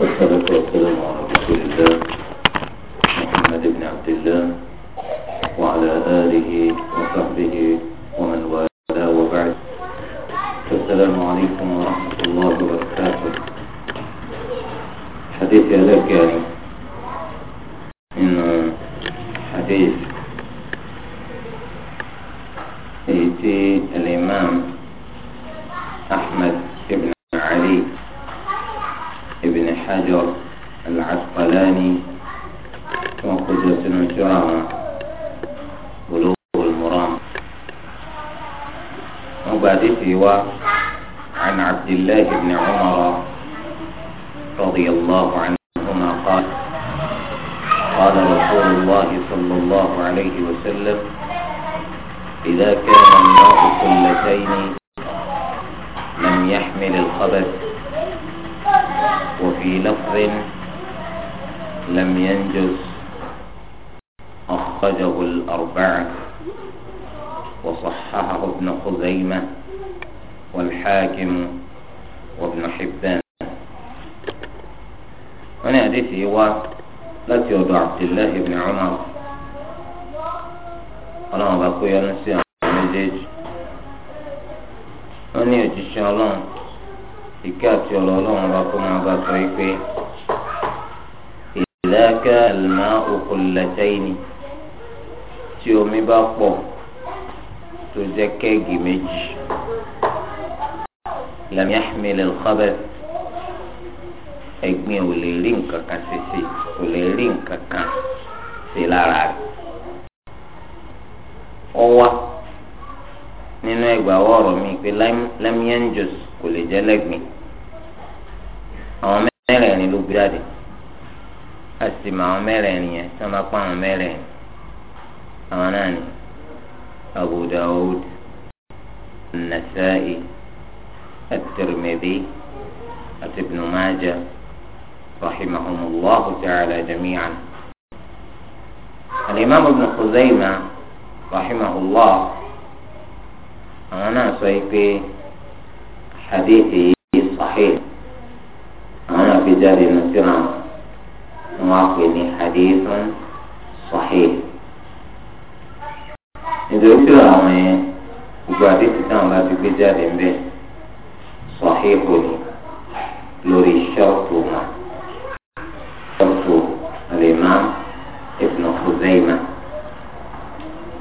والصلاة والسلام على رسول الله محمد بن عبد الله وعلى آله وصحبه ومن والاه وبعد السلام عليكم ورحمة الله وبركاته حديث هذا كان tí omi bá pọ̀ tó jẹ́ kẹ́ẹ̀gì méjì lam yahmil al-khabath ẹ̀gbin ò lè rí nǹkan kan ṣèṣe ò lè rí nǹkan kan ṣe lára rẹ̀ ó wá nínú ẹgbàáwọ̀ ọ̀rọ̀ mi pé lam yanjus kò lè jẹ́ lẹ́gbin àwọn mẹ́rẹ̀ẹ̀rin ló gbé jáde a sì mọ àwọn mẹ́rẹ̀ẹ̀rin yẹn tí wọ́n bá pa àwọn mẹ́rẹ̀ẹ̀rin. أماناني أبو داود النسائي الترمذي ابن ماجه رحمهم الله تعالى جميعا الإمام ابن خزيمة رحمه الله أنا سيف حديثي الصحيح أنا في جاري نسرا واقني حديث صحيح nítorí pé àwọn yẹn gbogbo àdéhùn táwọn bá ti gbé jáde ń bẹ sọ̀híhù ni lórí ṣọ́ọ̀tù wọn ṣọ́ọ̀tù al-Imam Ibn Khuzaymah.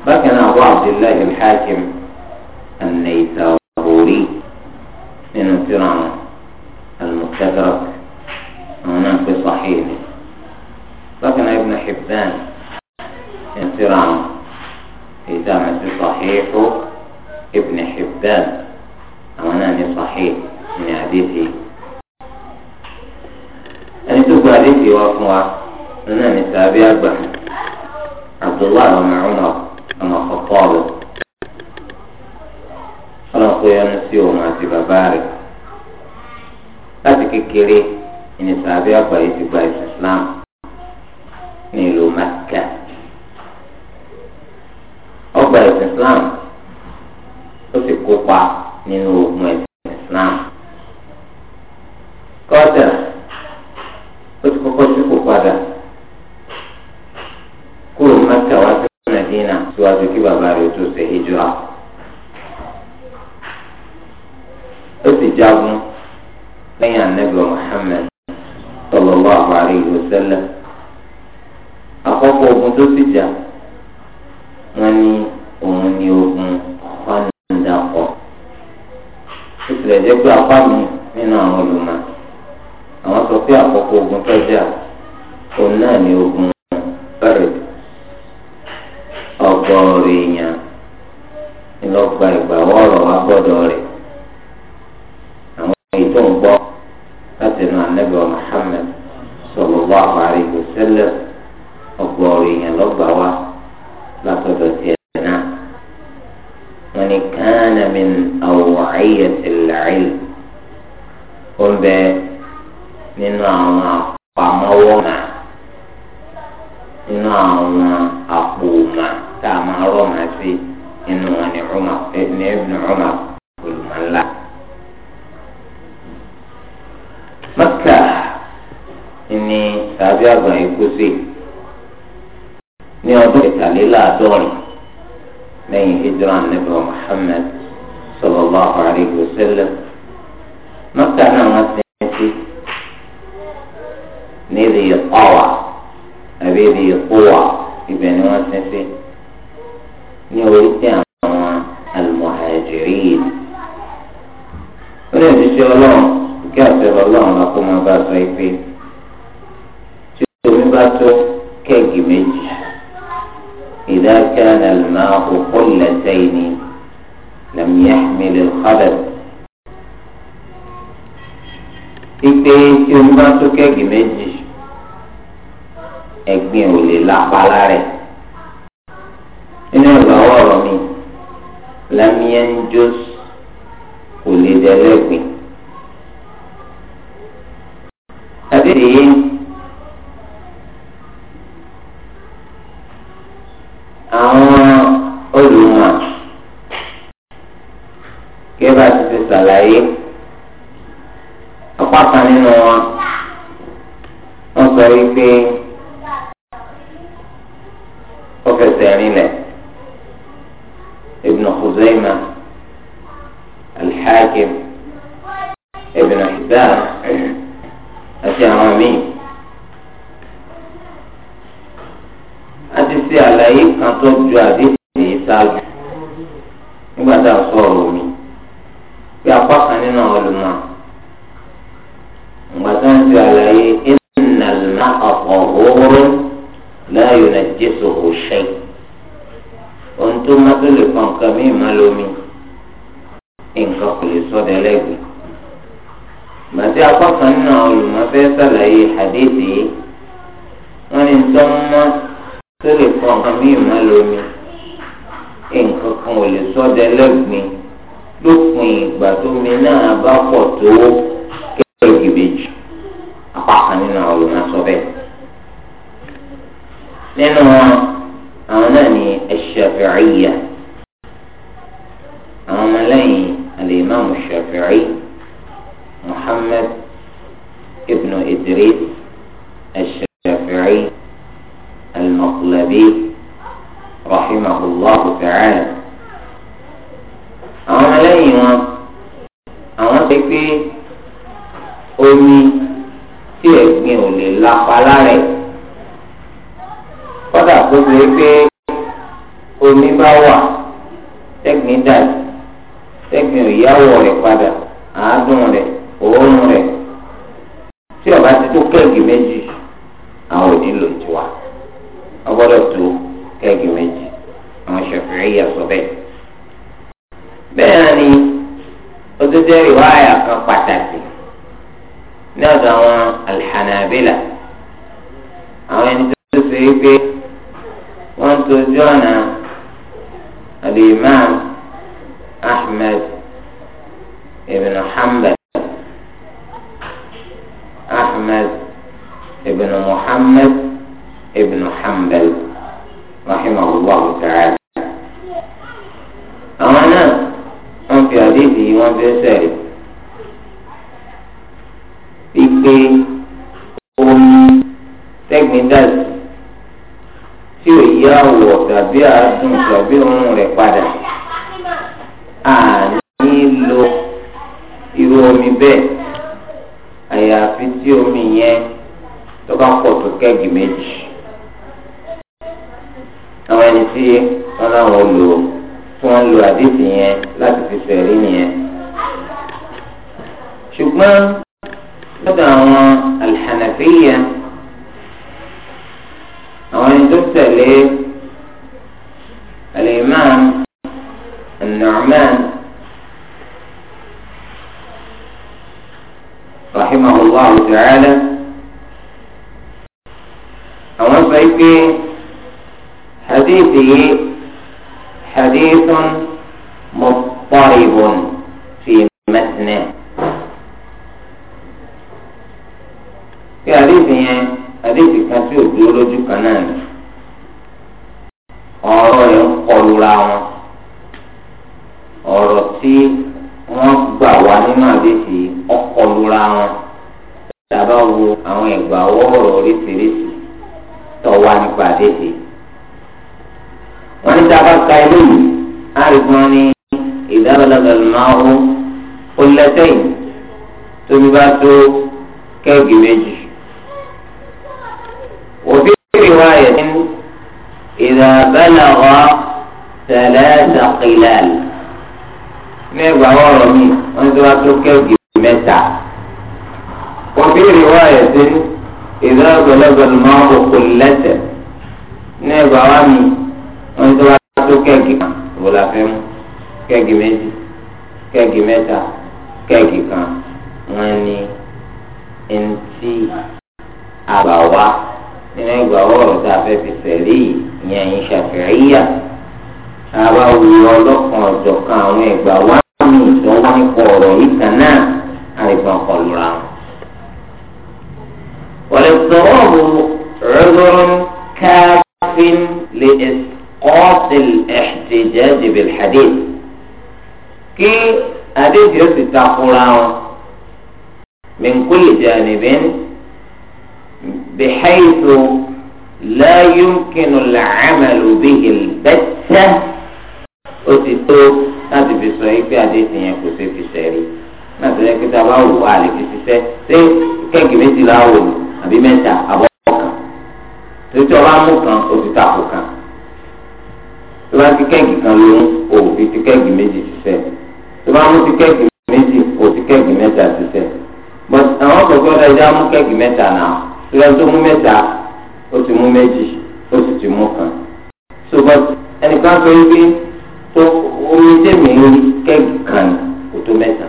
bákan náà wà Abdullahi al-Hakim an-Naysaburi nínú tíra wọn al-Mustadrak àwọn náà pé sọ̀híhù ni. bákan náà Ibn Hibban nínú tíra wọn. إدامة صحيح ابن حبان أو أمانان صحيح من حديثي أن تقول حديثي وأقوى أنا سابي أربع عبد الله بن عمر أما خطاب أنا أخويا نسيو ما تبى بارك أتكي كيري إن سابي أربع يتبى الإسلام Islam ó sì kópa nínú عمر والمعلى مكة إني tàbí àgbà ìkúsí ní ọdún ìtàléláàádọ́rin lẹ́yìn hijra nabi muhammed sallallahu alayhi wa sallam mọ́tà náà wọ́n ti ń ti ní ìdíyẹ pàwà àbí ìdíyẹ pọ́wà ibẹ̀ ni wọ́n ti ń ti. tí omi bá tó kẹ́gì méjì ẹ̀gbin ò lè lápá lárẹ̀ nínú ìgbà ọ̀rọ̀ mi lẹ́míẹ́njọ́s kò lè dẹ́lẹ́gbin. sí àlàyé kan tó ju àdéhùn yìí ṣáájú nígbà tá a sọ ọ̀rọ̀ mi pé apá kan nínú ọlùmọ̀ ìgbà tá a ti àlàyé ìnàlùmá ọ̀pọ̀ òwúrọ̀ láàyò náà jésù kò ohun tó má tó lè pọn nǹkan mí má lómi nǹkan kò lè sọ dẹ́lẹ́gbẹ̀ẹ́ gbàtí apá kan nínú ọlùmọ̀ fẹ́ ṣàlàyé àdéhùn yìí wọ́n ní tọ́ tó lè fọ nǹkan bí ìmọ̀ lómi nǹkan kan ò lè sọ́dẹ lẹ́gbìn lópin ìgbà tómi náà bá pọ̀ tó kẹ́kẹ́ ògìbejì apá nínú àwọn olùmọ̀sọ bẹ́ẹ̀. nínú àwọn náà ni ẹ̀ṣẹ̀ fẹ̀rẹ̀ yìí lápá lára ẹ̀ kọ́dà tó ṣe pé omi bá wà tẹ́gbìn dàjú tẹ́gbìn òyàwó rẹ̀ padà. ní ọ̀dọ̀ àwọn alìhànàbílà àwọn ẹni tó ṣe é pé wọ́n ń tojú ọ̀nà alimam ahmed ibn hanbal ahmed ibn muhammad ibn hanbal rahimahullah ta'ala àwọn náà wọ́n fi àdéhìí wọ́n fi ń sẹ́yìn. ìpè omi sẹ́gbìn dàsí tí ò yí àwọ̀ tàbí àádùn tàbí òórùn rẹ̀ padà àní lo irú omi bẹ́ẹ̀ àyàfi tí omi yẹn tó bá pọ̀ tó kẹ́gì méjì àwọn ẹni tí wọ́n láwọn lò tí wọ́n lo àdéhùn yẹn láti fi sẹ̀rí nìyẹn ṣùgbọ́n. قدروا الحنفية أو أن تسأل الإمام النعمان رحمه الله تعالى أو أن حديثه حديث مضطرب في متنه pé àdéhùn yẹn àdéhùn kan tí ò dúró lójú kan náà ni ọ̀rọ̀ yẹn ń kọlu ra wọn ọ̀rọ̀ tí wọ́n gbà wá nínú àdéhùn ọkọlu ra wọn tàbá wo àwọn ẹ̀gbà wọ́ọ̀rọ̀ oríṣiríṣi tọ́wá nípa àdéhùn wọ́n ní tàbá ka eléyìí á rí ní ìdábàdàgbàlù máa hó ó lẹ́tẹ̀yìn tóbi bá tó kẹ́ẹ̀gì méjì. وفي رواية إذا بلغ ثلاث قلال نبع ورمي وانتوا كيف متى وفي رواية إذا بلغ الماء قلة نبع ورمي وانتوا كيف ولا فهم kẹ́ẹ̀gì متى؟ kẹ́ẹ̀gì mẹ́ta kẹ́ẹ̀gì kan wọ́n ní ẹni tí àbàwá nínú ìgbà ọ̀rọ̀ tá a fẹ́ fi fẹ̀rí ìyẹn ẹ̀yìn ṣàfihàn àbá wù ọlọ́kan kan àwọn ìgbà wá mi to ní ìṣọwọ́ nípa ọ̀rọ̀ yìí kan náà àìgbà ọ̀kọlùra wọn. won so won bu regoron káfíń lè ẹ̀kọ́sìl ẹ̀ṣẹ̀jẹ̀ dìbìl hadith kí adéjì ó sì takora wọn le jẹ́ ni بحيث لا يمكن العمل به البتة ó ti tó láti fi sọ yìí pé àdéhùn yẹn kò ṣe fi ṣẹ̀rí náà tó yẹ kí tá a bá wò wá lè fi ṣiṣẹ́ ṣé kẹ́kì méjì la wò ní àbí mẹ́ta àbọ̀ kan tó tí ọba mú kan ó ti tako kan tó bá ti kẹ́kì kan lóyún ó fi ti kẹ́kì méjì ṣiṣẹ́ tó bá mú ti kẹ́kì méjì ó ti kẹ́kì mẹ́ta ṣiṣẹ́ but àwọn kòkòrò ẹja mú kẹ́kì mẹ́ta náà ìlànà tó mú mẹ́ta ó ti mú méjì ó sì ti mú kan ṣùgbọ́n ẹnìkan sọ wípé tó omi tèmi lórí kẹ́gì kan kò tó mẹ́ta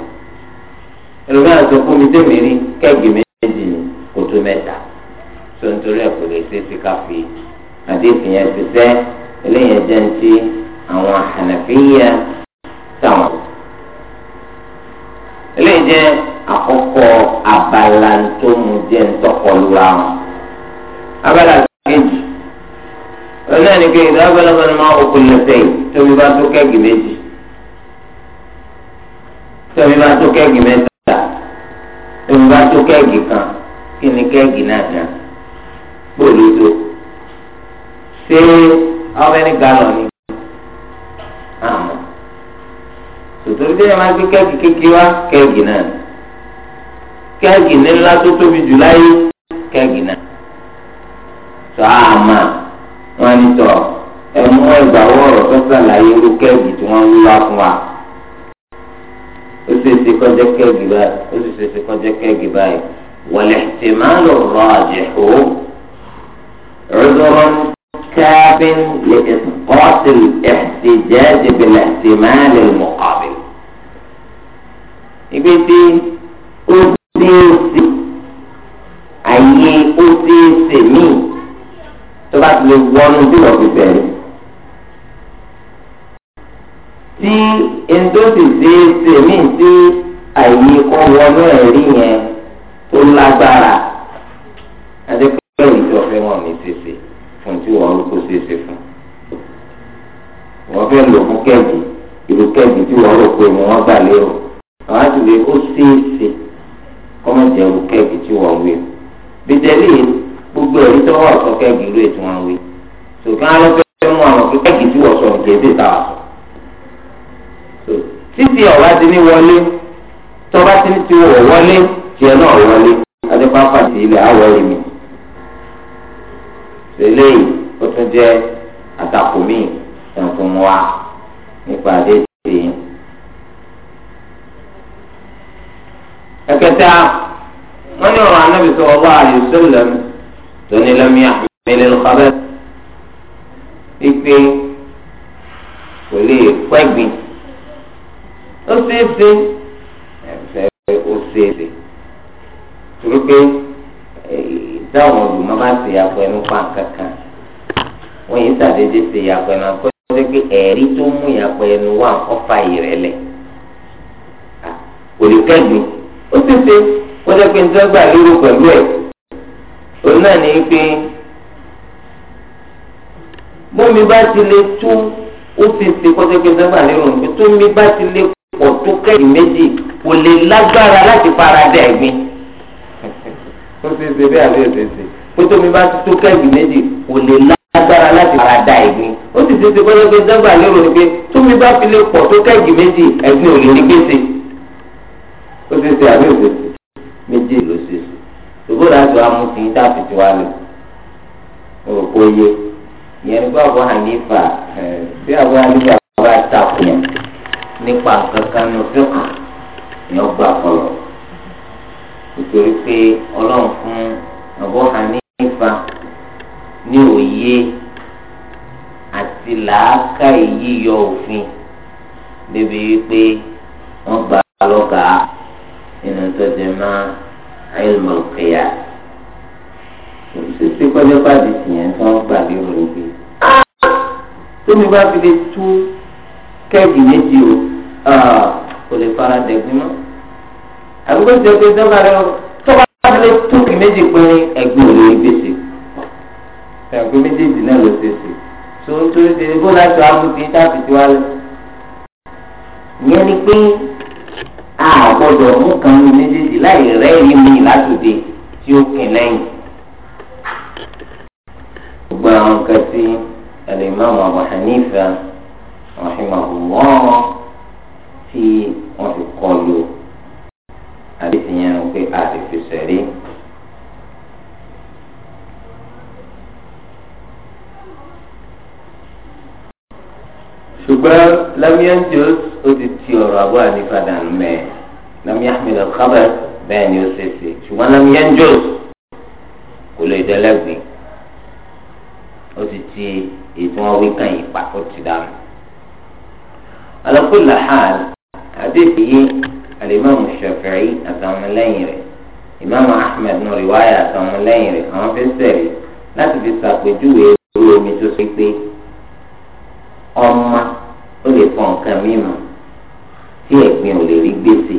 ẹlòmíràn sọ fún mi tèmi rí kẹ́gì méjì ni kò mẹ́ta tó nítorí ẹ̀ kò lè ṣe é sí káfí àdéhùn yẹn ti sẹ́ eléyìí jẹ́ ní ti àwọn àhànàfíyà táwọn. eléyìí jẹ́ àkọ́kọ́ abala tó mu jẹ́ ntọ́kọlura wọn. abala kejì ọ̀nà ni kejì tó abala kan máa òkú lẹ́sẹ̀ yìí tóbi bá tó kẹ́gì méjì tóbi bá tó kẹ́gì mẹ́ta tóbi bá tó kẹ́gì kan kí ni kẹ́gì náà kan gbòòlù tó ṣé how many gallon ni àmọ́ tòtòrí bí máa gbé kẹ́gì kékeré wá kẹ́gì náà kẹ́ẹ̀gì ní ńlá tó tóbi jù láyé kẹ́ẹ̀gì náà. sọ àmà wọn ni tọ ẹ mú ẹgbà wọ̀rọ̀ tó sàlàyé irú kẹ́ẹ̀gì tí wọ́n wúlá fún wa. ó sì ṣe kọjá kẹ́ẹ̀gì báyìí ó sì ṣe kọjá kẹ́ẹ̀gì báyìí والاحتمال الراجح عذرا كاف لإسقاط الاحتجاج بالاحتمال المقابل. يبتدي wọnú bí wọ́n fi bẹ̀rẹ̀. tí ndóbi ṣeé ṣe mí sí àyè kọ́ wọnú ẹ̀rí yẹn tó lágbára adékọ́lẹ́ ìjọ fẹ́ wọn ní ṣèṣe fún tí wọ́n rú kó ṣeéṣe fún. wọ́n fẹ́ lò fún kẹ́ẹ̀dì ìlú kẹ́ẹ̀dì tí wọ́n rò pé mo wọ́n gbà lérò àwọn àti ìwé ó ṣeéṣe kọ́mọ̀jẹ̀ ìlú kẹ́ẹ̀dì tí wọ́n wí. bíjẹ́lì gbogbo ẹ̀rí tó wà sọ kẹ́ẹ̀dì ìlú ètò wọn wí ṣùgbọ́n àwọn fẹ́ mú àwọn kíkọ́ kì í sí wọ̀sọ̀ gẹ̀ẹ́sì ta wà sọ. títí ọ̀rá ti ní wọlé tọ́ba ti ní ti wọ̀ wọlé tiẹ̀ náà wọlé adépa pàṣẹ ilẹ̀ àwọ̀ rẹ̀ mi. sẹ́lẹ̀ ó tún jẹ́ àtakò míì tuntun wa nípa adé tì ẹ̀kẹta wọ́n ní ọ̀rọ̀ anábìsọ̀ ọba àyùsọ̀lẹ̀m tó ní lẹ́mí àmì wípé kò lè pẹ́gbin ó ṣeéṣe ẹ̀fẹ́ ó ṣeéṣe torí pé ìdáhùn olùmọ́ bá ti yàpọ̀ ẹnu pa kankan wọ́n yìí sàdédé ti yàpọ̀ ẹnu na ṣe pé ẹ̀rí tó mú yàpọ̀ ẹnu wà ń ìrẹ̀lẹ̀ kò lè ó ṣeéṣe kó jẹ́ pé bómi bá ti lè tú ó ti ṣe kọ́sẹ́kẹ́ sábà nínú ìgbín tó mi bá ti lè pọ̀ tó kẹ́yì méjì kò lè lágbára láti fara dà ẹ̀gbin. ó ti ṣe bí àlẹ́ ìṣe ṣe pé tómi bá ti tó kẹ́yì méjì kò lè lágbára láti fara dà ẹ̀gbin. ó ti ṣe ṣe kọ́sẹ́kẹ́ sábà nínú ìgbín tómi bá fi lè pọ̀ tó kẹ́yì méjì ẹ̀gbin ò lè ní gbèsè. ó ti ṣe àlẹ́ ìṣe ṣe méjì ló ṣe ṣe láti wá mú ti dá fìtìwá lò yẹn ní bá Abu Hanifa bí Abu Hanifa bá takò yẹn nípa kankan ní fíkà yẹn gbà kọlọ nítorí pé ọlọ́run fún Abu Hanifa ní òye àti làákàyè yíyọ òfin débi wípé wọ́n gbà lọ́gàá nínú tó ti máa ilmu al ṣèṣe kọjá pàdé tìyẹn tí wọ́n gbà lérò níbi. tómi bá fi lè tú kẹ́ẹ̀gì méjì o kò lè fara dẹ̀gbin mọ́. àbúkọ́ ti ọ̀gbẹ́ dọ́gba rẹ tọ́ba bá fi lè tú kì méjì péré ẹ̀gbin ò lè rí gbèsè. ẹ̀gbin méjèèjì náà ló ṣe ṣe. tó ń tó ṣe bó láti wá mú kí táàbì tí wá lẹ̀. ìyẹn ni pé a mú kan méjèèjì láì rẹ́ẹ̀rí mi látòde tí ó kìn lẹ́yìn gbogbo àwọn nǹkan tí alimami abu hanifa rahimahullah tí wọ́n fi kọ́ lò àdéhùn yẹn pé a lè fi sẹ̀rí. ṣùgbọ́n lamiyan jos ó ti ti ọ̀rọ̀ àbọ̀ ànífà dànù mẹ́ lamiyan ahmed alkhabar bẹ́ẹ̀ ni ó ṣe ṣe ṣùgbọ́n lamiyan jos kò lè dẹ́lẹ́gbìn. على كل حال حديث الإمام الشافعي أسام الليري إمام أحمد نو رواية أسام الليري أما في السري لا تبي ساقي جوي جوي ميتو سيكي أما أولي فون كميما تيك ميو ليري بيسي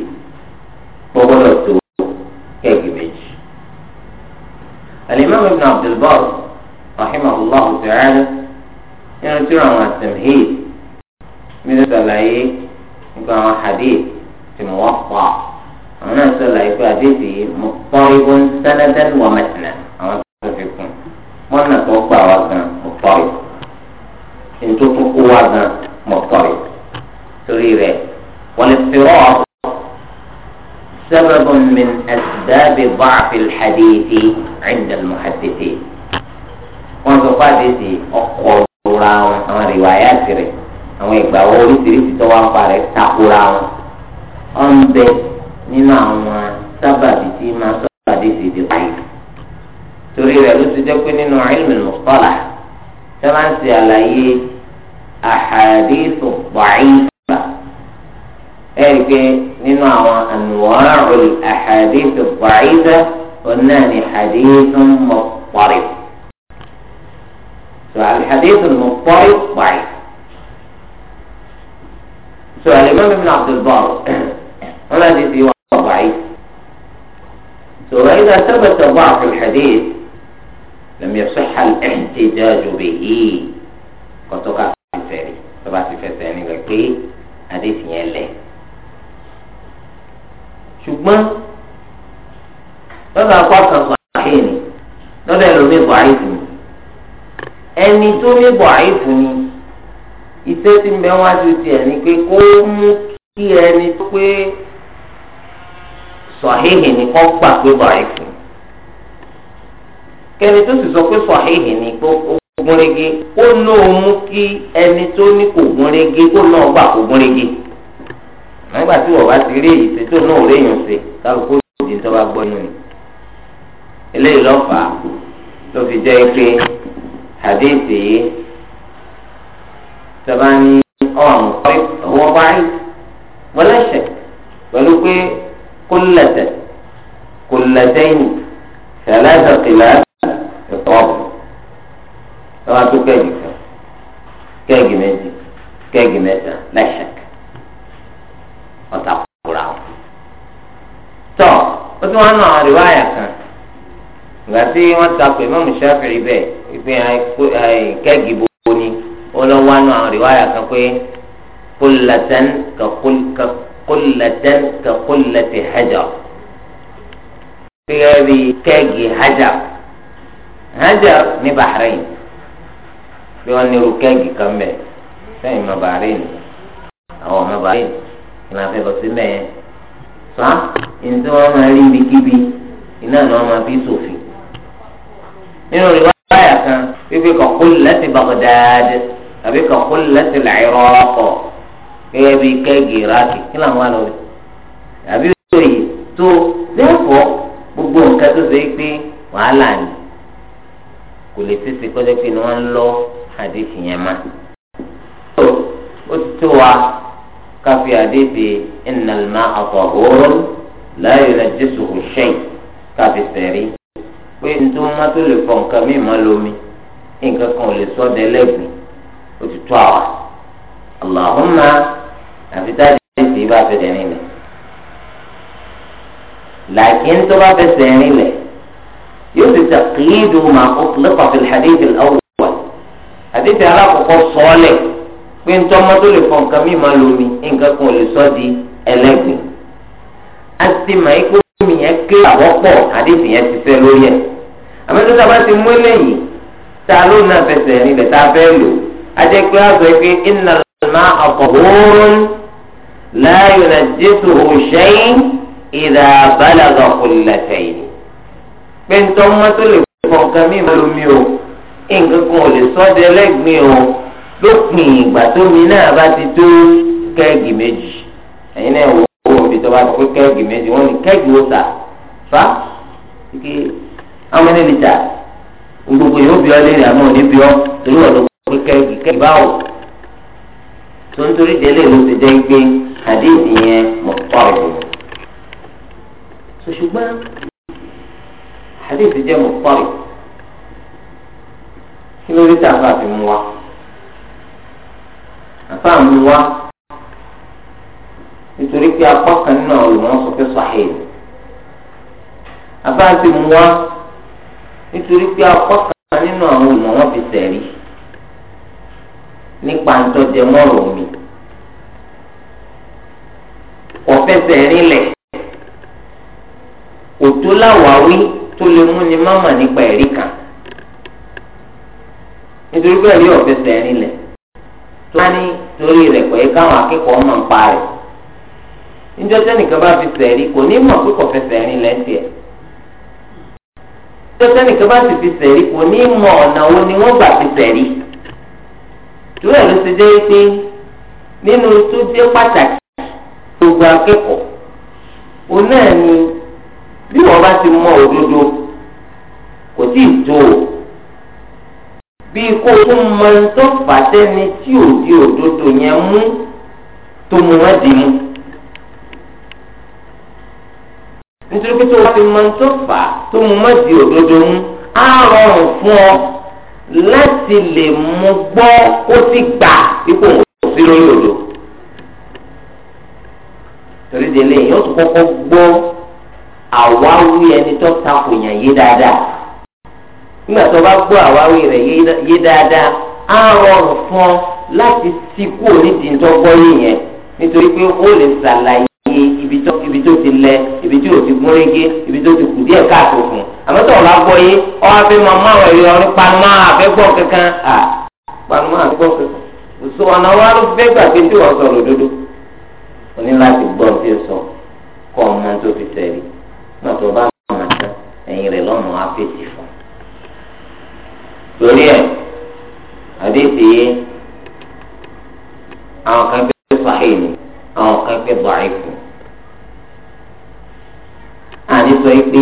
بغلطو كيك الإمام ابن عبد البر رحمه الله تعالى يعني ترى ما التمهيد mi ti sàlàyé nípa àwọn hadith tí mo wá pa àwọn náà sàlàyé pé hadith yìí mo kọ́ ibo ń sẹ́dẹ́dẹ́nu wà mẹ́tìnà àwọn tó fi kún wọn nà tó gbà wá gan mo kọ́ ẹ̀ ètò tó kó wá gan mo kọ́ ẹ̀ torí rẹ̀ wọ́n lè fi rọ́ ọ́. سبب من أسباب ضعف الحديث عند المحدثين. وانتو قادتي أقول راون روايات ري àwọn ìgbàwọ́ oríṣiríṣi tó wá ń parẹ́ takura wọn ọ ń bẹ nínú àwọn sábàbí tí máa sábàbí ti di báyìí torí rẹ̀ ló ti jẹ́ pé nínú ilmi mustalah ṣé máa ń ṣe àlàyé ahadithu da'ifa ẹ rí i pé nínú àwọn anwa'ul ahadithu da'ifa náà ni mọ̀ mọ̀pọ̀rẹ̀ so al mọ̀ mọ̀pọ̀rẹ̀ báyìí. سؤال الإمام ابن عبد البر هل هذه رواية ضعيف؟ ثم إذا ثبت ضعف الحديث لم يصح الاحتجاج به قطقة الثاني طبعا في الثاني بلقي حديث يلي شو ما هذا قطقة صحيني هذا يلومي ضعيفني أني توني ضعيفني iṣẹ́ tí ń bẹ wájú tiẹ̀ ni pé kó mú kí ẹni pé sọ̀híhì ni kó gbà pé bọ̀rẹ̀ fún un kẹni tó sì sọ pé sọ̀híhì ni kó gúnrégé ó o mú kí ẹni tó ní kò gúnrégé kó náà gbà kó gúnrégé nígbà tí wọ́n bá ti rí èyí ṣe tó náà réyìn ṣe kálukú ìdí tó bá gbọ́ yín eléyìí lọ́fà ló fi jẹ́ pé àdéhìí tabani ọwọ àwọn ọrẹ àwọn ọba ayé wọlé ṣe pẹ̀lú pé kólẹtẹ kólẹtẹyìn ṣẹlẹsẹ kìlá ẹkọ ọbọ ẹ wá tó kẹgì kan kẹgì méjì kẹgì mẹ́ta lẹsẹ ọta kura o tọ ó tún wọn nọ àríwá kan ìgbà wọn ta pé mọ́mú ṣáfìrí bẹ́ẹ̀ ìpín kẹgì bó ni olówó anu àwọn rìwáyà kan pé kólatan kakólatan kakólati hajar gẹ́gẹ́ bí kẹ́ẹ̀gì hajar hajar ní bahrain bí wọ́n ní irú kẹ́ẹ̀gì kan bẹ̀ sẹ́yìn mọ́ bahrain àwọn ọmọ bahrain ìlànà àfẹ́fọ́ sí mẹ́yẹn fa ìntí wọn máa rí ibikíbi iná ni wọn máa fi sòfin nínú rìwáyà kan wípé kọ̀ọ̀kú láti Baghdad àbí kan kó lẹ́sì làìrọ̀ ọkọ̀ gẹ́gẹ́ bí kẹ́gì ìrákì kí làwọn àlọ́ rẹ̀ àbí òye tó lẹ́fọ̀ gbogbo nǹkan tó ṣe é pé wàhálà ni kò lè tètè kọjá pé ni wọ́n ń lọ àdéhì yẹn má. ó ti tó wa ká àdéhì ìnàlmá àtọ̀hóró láyé rẹ̀ jésù kò ṣẹ́yìn ká fi pé ntoma lè fọ nǹkan mímọ́ lómi nǹkan kan ò lè sọ́dẹ̀ lẹ́gbẹ̀ẹ́ ó ti tó àwa Allahumma àfi táyà ìdí bá fẹ́ dẹ́rìn lẹ̀ làákín tó bá fẹ́ sẹ́rìn lẹ̀ yóò ti tàkìlídù máa kó lẹ́kọ̀ọ́ fi hadith al-awwal hadith alákọ̀ọ́kọ́ sọ́ọ́lẹ̀ pé ń tọ́mọ́ lè fọ nǹkan mí máa nǹkan kan ò lè sọ́ di ẹlẹ́gbìn a ti mọ̀ ẹ́ pé yẹn ké àwọ́pọ̀ hadith yẹn ti fẹ́ lórí ẹ̀ àmọ́ tó sábà ti mú eléyìí ta ló náà fẹsẹ̀ rìn tá a fẹ́ lò ó ajẹ́ pé àzọ pé iná má ọ̀kọ̀hórón láàyò náà jésù òṣèyí ìdá bàlágà kùlẹ̀tẹ̀yìn. pé ń tọ́ mọ́ tó lè fọ nǹkan mí máa lomi o nǹkan kan ò lè sọ́dẹ lẹ́gbìn o lópin ìgbà tó mi náà bá ti tó kẹ́ẹ̀gì méjì ẹ̀yin náà wò ó òbí tó bá pé kẹ́ẹ̀gì méjì wọ́n ní kẹ́ẹ̀gì ó sà fa ike àwọn ẹni ta gbogbo yóò bí ọ léèrè pé kẹ́gì kẹ́gì báwò tó ń torí délé ló ti jẹ́ gbé àdéhùn yẹn mọ̀ pààrọ̀ ṣùgbọ́n àdéhùn jẹ́ mọ̀ pààrọ̀ kí ló rí tàbá fi mú wa àbá mú wa nítorí pé apá kan náà olùmọ̀ sọ pé sàhìn àbá ti mú wa nítorí pé apá kan nínú àwọn olùmọ̀ wọn fi tẹ̀rí nípa ntọ́jẹmọ́rọ̀ mi ọ̀fẹ́sẹ̀ rinlẹ̀ òtó láwáwí tó lè mú ni máma nípa ẹ̀rí kan nítorí bẹ́ẹ̀ rí ọ̀fẹ́sẹ̀ rinlẹ̀ tó wá ní torí rẹ̀ pẹ̀lú káwọn akẹ́kọ̀ọ́ máa ń pa rẹ̀ níjọ́ tẹ́nìkan bá fi sẹ̀rí kò ní mọ̀ pé kò fẹsẹ̀ rìn lẹ́sẹ̀ níjọ́ bá sì fi sẹ̀rí kò ní mọ̀ ọ̀nà wo ni wọ́n gbà fi sẹ̀rí torí ẹ̀ ló ti dé pé nínú tó dé pàtàkì gbogbo akẹ́kọ̀ọ́ òun náà ni bí wọ́n bá ti mọ òdodo kò tí ì tó o bí kó tún mọ tó fàtẹ́ni tí ò di òdodo yẹn mú tó mú wọn dì mú. nítorí pé tó wá ti mọ tó fà tó mú wọn di òdodo mú á rọrùn fún ọ láti lè mú gbọ́ ó sì gbà ipò òsì lórí òdo. torí délé yìí ó tún kọ́kọ́ gbọ́ àwáwí ẹni tó takò yàn yé dáadáa nígbà tó bá gbọ́ àwáwí rẹ̀ yé dáadáa á rọrùn fún ọ láti ti kú onídìí tó gbọ́ yìí yẹn nítorí pé ó lè ṣàlàyé ibi tó tó ti lẹ ibi tí o ti gún régé ibi tó ti kù díẹ̀ káàtó fún àmọ́ tó o bá gbọ́ yé ọ wá fẹ́ máa máa wọ̀ yọ ọdún panumá àfẹ́gbọ́ kankan à panumá àfẹ́gbọ́ kankan òṣù ọ̀nà wa ló fẹ́ gbà pé tí wọ́n sọ̀rọ̀ òdodo o ní láti gbọ́ tí o sọ kọ́ ọmọ tó fi tẹ̀lé náà tó bá mọ̀ tán ẹ̀yìn rẹ̀ lọ́mọ afẹ́tì fún torí ẹ̀ àdéhìí àwọn kan fẹ́ sàhìn àwọn kan fẹ́ bàáìfù àní sọ yìí pé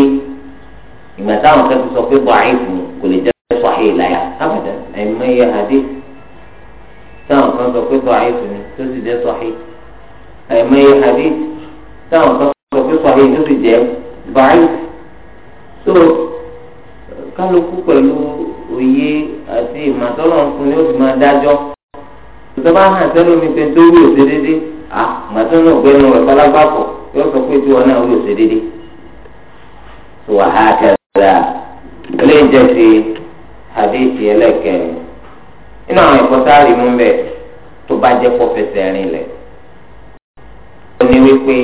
ìgbà táwọn kan ti sọ pé bọ̀ọ̀ìf ni kò lè jẹ́ sọ̀hìn ìlàyà abẹ́dẹ́ ẹ̀mẹ́yẹ adé táwọn kan sọ pé bọ̀ọ̀ìf ni tó sì jẹ́ sọ̀hìn ẹ̀mẹ́yẹ adé táwọn kan sọ pé sọ̀hìn tó sì jẹ́ bọ̀ọ̀ìf tó kálukú pẹ̀lú òye àti ìmọ̀tọ́lọ̀ fún ni ó ti máa dájọ́ ìjọba hàn sẹ́nu mi pé tó wí òṣèdédé à màtọ́nù ọ̀gbẹ́ni rẹ̀ pálábàpọ̀ yóò sọ pé tí wọn náà wí òṣèdédé. وهكذا لجتي حديثي لك إنه يقتال من بيت تباجي قفزيني لك ni wípé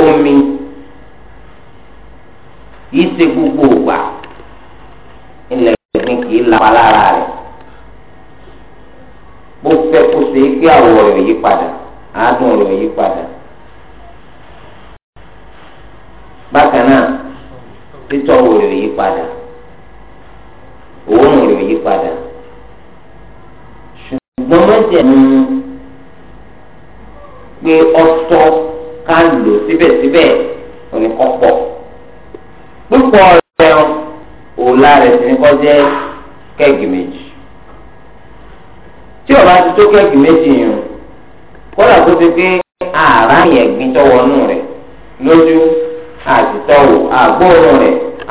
omi yìí ṣe gbogbo ògbà ilẹ̀ ní kì í lapa lára rẹ̀ bó fẹ́ kó ṣe é títọ́wò rẹ̀ yí padà òórùn rẹ̀ yí padà ṣùgbọ́n ni pé ọtọ́ ká lò síbẹ̀síbẹ̀ oníkọ́pọ̀ púpọ̀ rẹ̀ òòlà rẹ̀ sì ní kọjá kẹ́gì méjì tí ọba ti tó kẹ́gì méjì yàn kọ́dà tó ti pé yẹn gbin tọ́wọ́ nù rẹ̀ lójú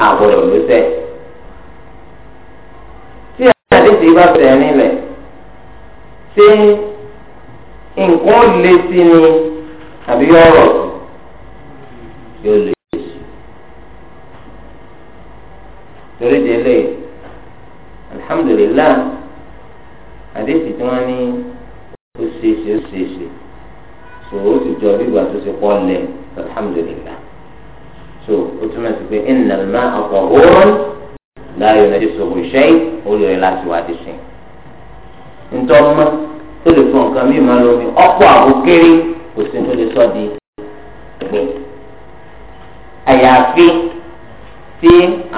àgbọ̀dọ̀ ló sẹ́. tí àdéhùn bá bẹ̀rẹ̀ nílẹ̀ ṣé nǹkan ó lé sí ni àbí ọ̀rọ̀ yóò lé ọ̀pọ̀ àbókéré kò sí tó lè sọ di ẹ̀gbin àyàfi tí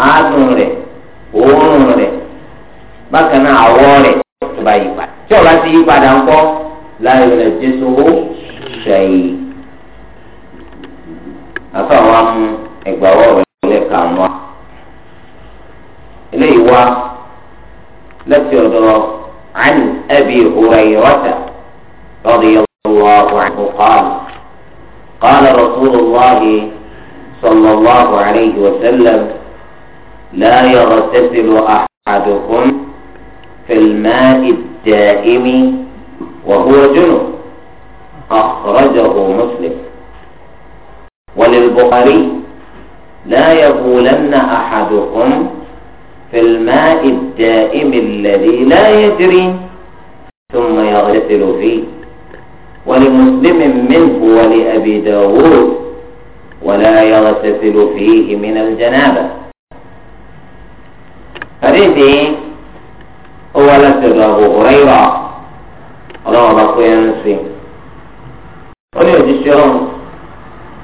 àádùn rẹ̀ òórùn rẹ̀ bákan náà àwọ̀ rẹ̀ tó bá yí padà tí ọba ti yí padà ń kọ́ láyé rẹ̀ jésù ó ṣẹ̀yìn àti àwọn amú ẹgbàá ọ̀rọ̀ lẹ́ka àwọn eléyìí wá láti ọ̀dọ̀ àní ẹ̀bí òwúrọ̀ yìí rọ́tà. رضي الله عنه قال قال رسول الله صلى الله عليه وسلم لا يغتسل أحدكم في الماء الدائم وهو جنب أخرجه مسلم وللبخاري لا يقولن أحدكم في الماء الدائم الذي لا يجري ثم يغتسل فيه ولمسلم منه ولأبي داود ولا يغتسل فيه من الجنابة حديثي هو لسد أبو هريرة الله بقوا ينسي وليوجد الشرم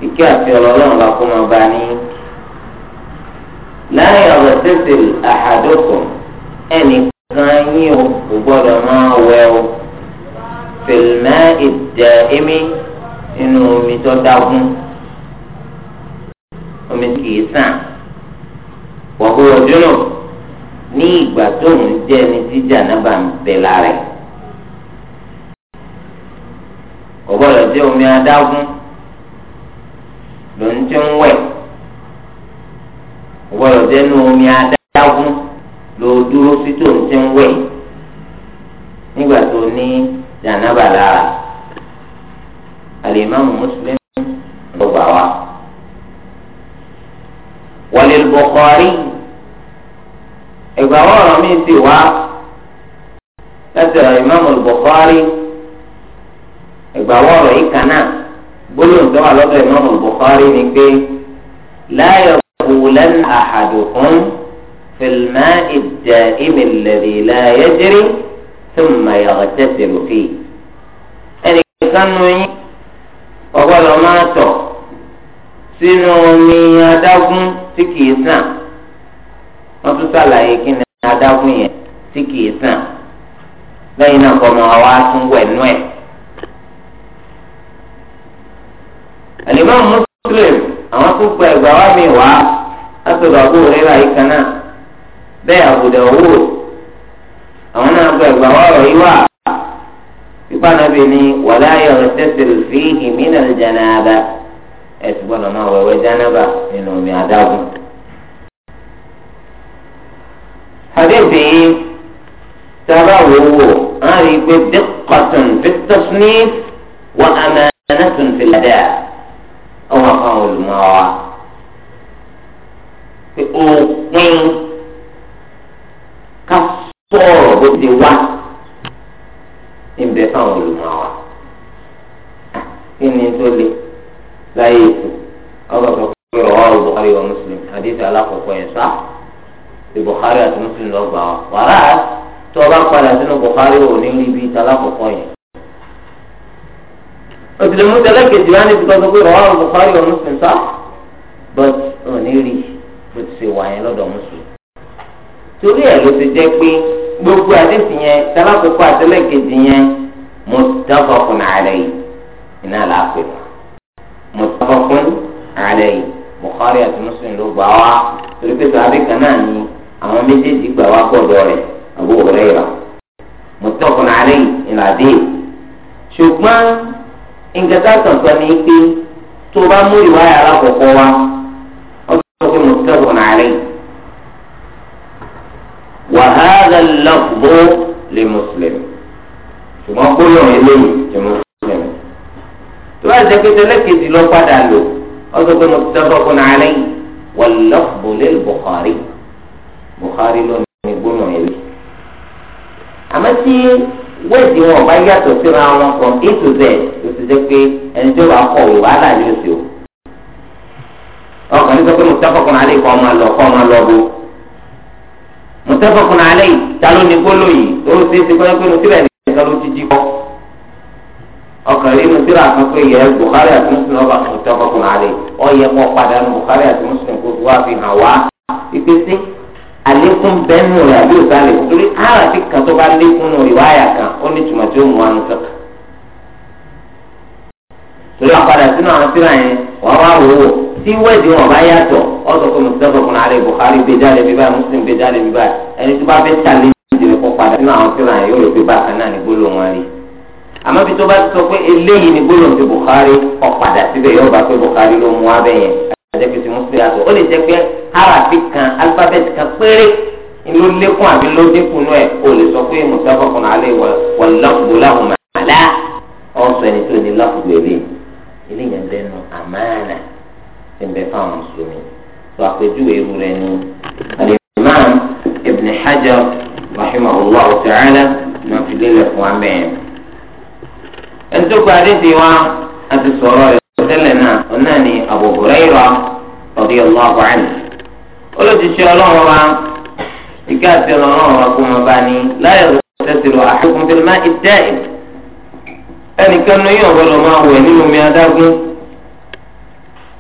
ìkíyàsí الله bá kó لا bá أحدكم أن ọ̀rọ̀ tẹ̀sí àhàdókùn ẹnì kan fèlmẹ ìdẹ ẹmí nínú omi tó dágún omi kìí sàn wọ́pọ̀ ọdún náà ní ìgbà tó ń jẹ́ ẹni tí jànábà ń bẹ lára ẹ̀. ọ̀gbọ́dọ̀ jẹ́ omi adágún ló ń ti ń wẹ̀ ọ̀gbọ́dọ̀ jẹ́ nu omi adágún ló dúró sí tó ń ti ń wẹ̀ nígbà tó ní. jàǹdàbà lára alimami muslim ló gbà wá. wàlẹ̀ Bukhari ẹgbà wọ́ọ̀rọ̀ mi sì wá láti ọ̀rọ̀ imaamu Bukhari ẹgbà wọ́ọ̀rọ̀ yìí kan náà gbólóhùn tó wà lọ́dọ̀ imaamu Bukhari ni pé láyọ̀ kúlẹ̀ àhàdùkún fìlmẹ́ ìjà ìmìlẹ̀ ìlà yẹ́jẹ́rì. ثم يغتسل فيه ẹnì kan nu yín ọgbọ́dọ̀ máa tọ̀ sínú omi adágún tí kìí sàn wọ́n tún ṣàlàyé kí ni adágún yẹn tí kìí sàn lẹ́yìn náà kọ́ máa wá tún wẹ̀ nú ẹ̀. àlìmọ́ Muslim àwọn tó gba ẹ̀gbà wá mi wá látọ̀dọ̀ àbúrò rẹ̀ láyé kan náà bẹ́ẹ̀ àwọn náà ìmí náà lè jẹun àdá ẹsùn gbọdọ náà gba ẹgbà ọ̀rọ̀ yìí wà pípa nàbì ni wàlá ayọrọ tẹsílù fi imi naa le ìmínà jẹnàbà ẹsùn gbọ́dọ̀ máa wẹwẹ jẹnàbà nínú omi adágún. hadith yìí sábà wò wò á rí i pé diqqatun fi tasnif wa amanatun fi ladaa ọmọ kan olùmọ̀ wa. bó ti wá ìbẹ̀ fáwọn olùmọ̀ wa kí ni tó le láyé ètò ọgbàgbọ́ pé ọ̀rọ̀ ọ̀rọ̀ Bukhari wa Muslim àdéhùn alákọ̀ọ́kọ́ yẹn sá ti Bukhari àti Muslim lọ́gbà wa wàrà tó o bá padà sínú Bukhari ò ní rí ibi ìtàlákọ̀ọ́kọ́ yẹn òtítọ́ mọ́tẹ́lẹ́ kejì wá ní ìtọ́jú pé ọ̀rọ̀ ọ̀rọ̀ wa Muslim sá but ò ní rí bó ti ṣe wà yẹn lọ́dọ̀ Muslim torí ẹ̀ ló ti jẹ́ pé gbogbo àdéhùn yẹn sálákòókò àtẹlẹkejì yẹn muttafaqun alayhi iná làápẹ muttafaqun alayhi Bukhari àti Muslim ló gbà wá torí pé sàbí kan náà ni àwọn méjèèjì gbà wá gbọ́dọ̀ rẹ̀ Abu Hurairah muttafaqun alayhi iná àdéhùn ṣùgbọ́n nǹkan tá a sàn sọ ni pé tó o bá mú ìwáyà alákọ̀ọ́kọ́ wa ọjọ́ pé muttafaqun alayhi. hó lè mùsùlùmí ṣùgbọ́n gbólóhùn eléyìí ti mùsùlùmí. tó bá jẹ́ pé tẹ́lẹ̀kejì lọ padà lò wọ́n sọ pé mo ti dábọ̀ fún un alẹ́ yìí wọ́n lọ́ọ̀bù lè Bukhari Bukhari ló ní gbólóhùn eléyìí. àmọ́ tí wéèdì wọn ò yàtọ̀ síra wọn from A to Z ló ti jẹ́ pé ẹni tó bá kọ̀ wò wàhálà ni ó sì o. ọkàn ní sọ pé mo ti dábọ̀ fún un alẹ́ kọ́ ọmọ lọ kọ́ ọmọ lọ bó mo ti dábọ̀ fún un alẹ́ yìí talo ní gbólò yìí ó ṣe é ṣe kọ́ pé nùtírà nìkan ló ti jí kọ́ ọkàn rí nùtírà kan pé yẹ Bukhari àti Muslim ọba kò tọ́ ọkùnrin àlè ọ yẹ kọ́ padà nù Bukhari àti Muslim kò fi wá fi hàn wá ipe sí àlékún bẹ́ẹ̀nù rẹ̀ àbí òsà lè ara ti kàn tó bá lékún nù ìwáyà kan ó ní tùmọ̀ tí ó mú àánú kankan torí àpadà sínú àwọn tírà yẹn wàá wá tí wẹ́ẹ̀dì wọn bá yàtọ̀ ọ sọ pé mùsùlùmí ọkùnrin ààrẹ Bukhari gbé jáde bíbá Muslim gbé jáde bíbá ẹni tó bá fẹ́ tàlé ìdílé kó padà nínú àwọn fúnra yẹn yóò rò pé bákan náà ní gbólóhùn wọn rí àmọ́ bí tó bá sọ pé eléyìí ní gbólóhùn ti Bukhari ó padà síbẹ̀ yóò bá pé Bukhari ló mú abẹ́ yẹn àjẹpẹ́ ti Muslim àtọ̀ ó lè jẹ́ pé harafi kan alifábẹ́ẹ̀tì kan péré ló lékún àbí ló dínkù nú ẹ̀ lè sọ pé mùsùlùmí ọkùnrin ààrẹ ti ń bẹ fáwọn mùsùlùmí tó àpèjúwe irú rẹ̀ ní alimam ibn hajar rahimahullah ta'ala ní wọn fi lélẹ̀ fún wa mẹ́rin. ẹni tó gba adé tiwa àti sọ̀rọ̀ rẹ̀ tẹ́lẹ̀ náà ọ̀nà ni abu hurayra radiyallahu anhu olójúṣe ọlọ́run wa ìgbà àti ọlọ́run wa kó máa bá ní láyé rẹ̀ tẹ̀sílò àfikún fil ma'i da'im ẹnìkan ní yóò gbọdọ̀ máa wẹ̀ nínú mi adágún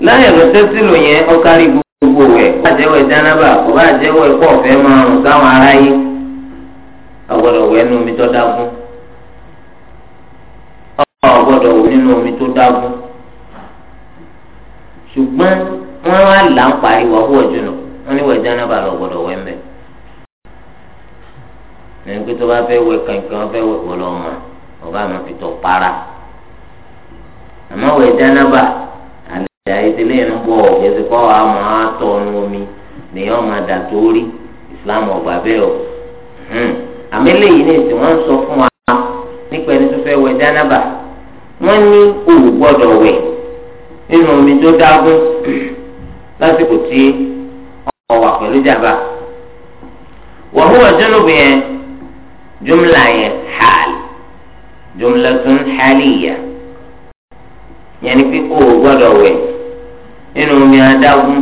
láyé lọ́sẹ̀ sílò yẹn ó kárí gbogbo ẹ̀ kó bá jẹ́wọ́ ẹ̀ jánábà kó bá jẹ́wọ́ ẹ̀ kó ọ̀fẹ́ máa rùn sáwọn aráyé ọgbọ́dọ̀ wẹ̀ nínú omi tó dágún ọgbọ́dọ̀ wẹ̀ nínú omi tó dágún ṣùgbọ́n wọ́n wá là ń pariwo ọwọ́ jùlọ wọ́n ní wẹ̀ jánábà lọ gbọ́dọ̀ wẹ̀ ń bẹ̀ ẹni pé tó bá fẹ́ wẹ̀ kankan fẹ́ wẹ̀ pọ̀ lọ́mọ ọba àmọ́ fi tọ́ para ìyá ìdílé ń bọ̀ yẹtí kọ́ wa máa tọnu omi nìyẹn ọmọ tó rí islam ọba bẹ́ẹ̀ o hmm. àmẹ́lẹ̀ yìí ní ìsìn wọ́n sọ fún wa nípa ẹni tó fẹ́ wẹ̀ wọ́n ní omi tó dágún lásìkò tí ó wà pẹ̀lú jàmbá wọ́n hùwà jẹ́nubì yẹn jumla yẹn hàl jumla tún hàlìyà yẹn ni pé wẹ̀. nínú omi adágún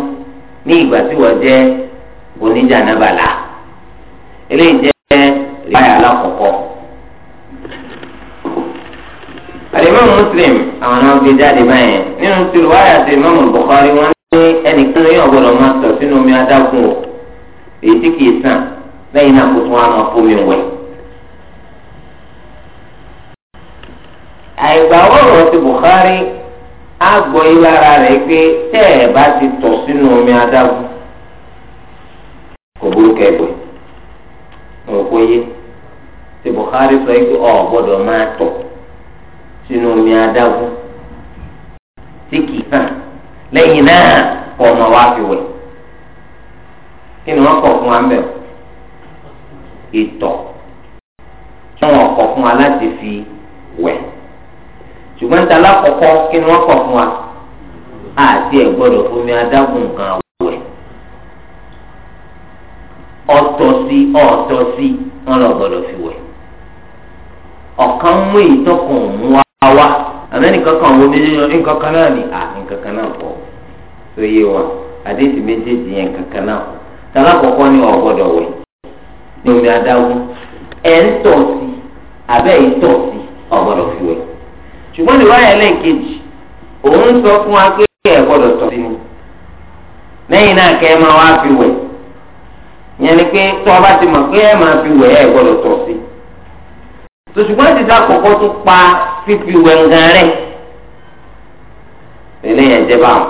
ní ìgbà tí wọ́n jẹ́ oníjànàbàlà eléyìí jẹ́ rìwáyà alákọ̀ọ́kọ́. àdèmọ́mù muslim àwọn náà gbé jáde báyẹn nínú tí rìwáyà àti ìmọ̀mù Bukhari wọn ní ẹnìkan yóò gbọdọ̀ máa tọ̀ sínú omi adágún o èyí tí kìí sàn lẹ́yìn náà kó tún wá máa fómi wẹ̀. àìgbà wọ́n rọ̀ ti Bukhari àgbọ̀ yìí lára rẹ̀ pé tẹ́ ẹ̀ bá ti tọ̀ sínú omi adágún kò burúkú ẹ̀gbẹ́ òkú yé ti Bukhari sọ pé ọ̀ gbọ́dọ̀ máa tọ̀ sínú omi adágún tí kìí hàn lẹ́yìn náà kọ́ ọmọ wa fi wẹ̀ kí ni wọ́n kọ̀ fún wa ń bẹ̀ ìtọ̀ wọn kọ̀ fún wa láti fi wẹ̀. ṣùgbọ́n tí alákọ̀ọ́kọ́ kí ni wọ́n kọ̀ fún wa àti ẹ̀ gbọ́dọ̀ adágún nǹkan àwẹ̀ ọ̀tọ̀ sí ọ̀tọ̀ sí wọn lọ fi wẹ̀ ọ̀kan mú ìtọ́kùn mú wa wá àmẹ́nìkan kan wo nǹkan kan náà ni à nǹkan kan náà pọ̀ tó yé wọn àdéhùn méjèèjì ni omi adágún ẹ̀ ń tọ̀ sí fi wẹ̀. ṣùgbọ́n ní wáyà ẹlẹ́ẹ̀kejì òun sọ fún wa pé ẹ gbọ́dọ̀ tọ̀ sí ni lẹ́yìn náà kẹ́ ẹ máa wá fi wẹ̀ yẹn ni pé tó o ti mọ̀ pé ẹ máa fi wẹ̀ ẹ gbọ́dọ̀ tọ̀ sí tòṣùgbọ́n ti dá kọ̀kọ́ tó pa fífi wẹ̀ ngan rẹ̀ eléyàn jẹ́ báwọn.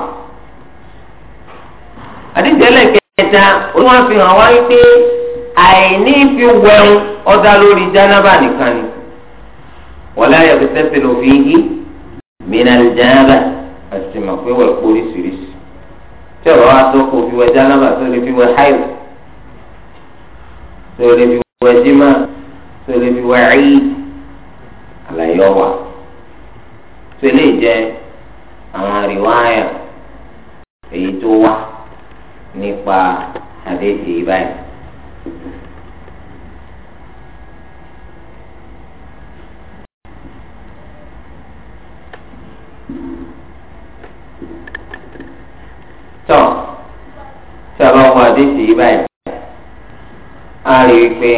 àdìjẹ́lẹ̀ kẹta olúwa fi hàn wáyé pé àìní fi wẹ̀hún ọ̀dà lórí jánábà nìkan ni. wọ́n láyọ̀ fi tẹ́sí lò fi yí mìíràn jáàbà àti mà pé wọ́n kó oríṣiríṣi tí ọ̀rọ̀ wa tó kó fi wẹ̀ jáàbà tó lè fi wẹ̀ háìwù tó lè fi wẹ̀ jimá tó lè fi wẹ̀ ẹ̀yí àlàyé ọ̀wà tó lè jẹ́ àwọn àríwáyà èyí tó wà nípa àdéhìí báyìí. tán tí a bá wọ àdéhùn yìí báyìí a rí i pé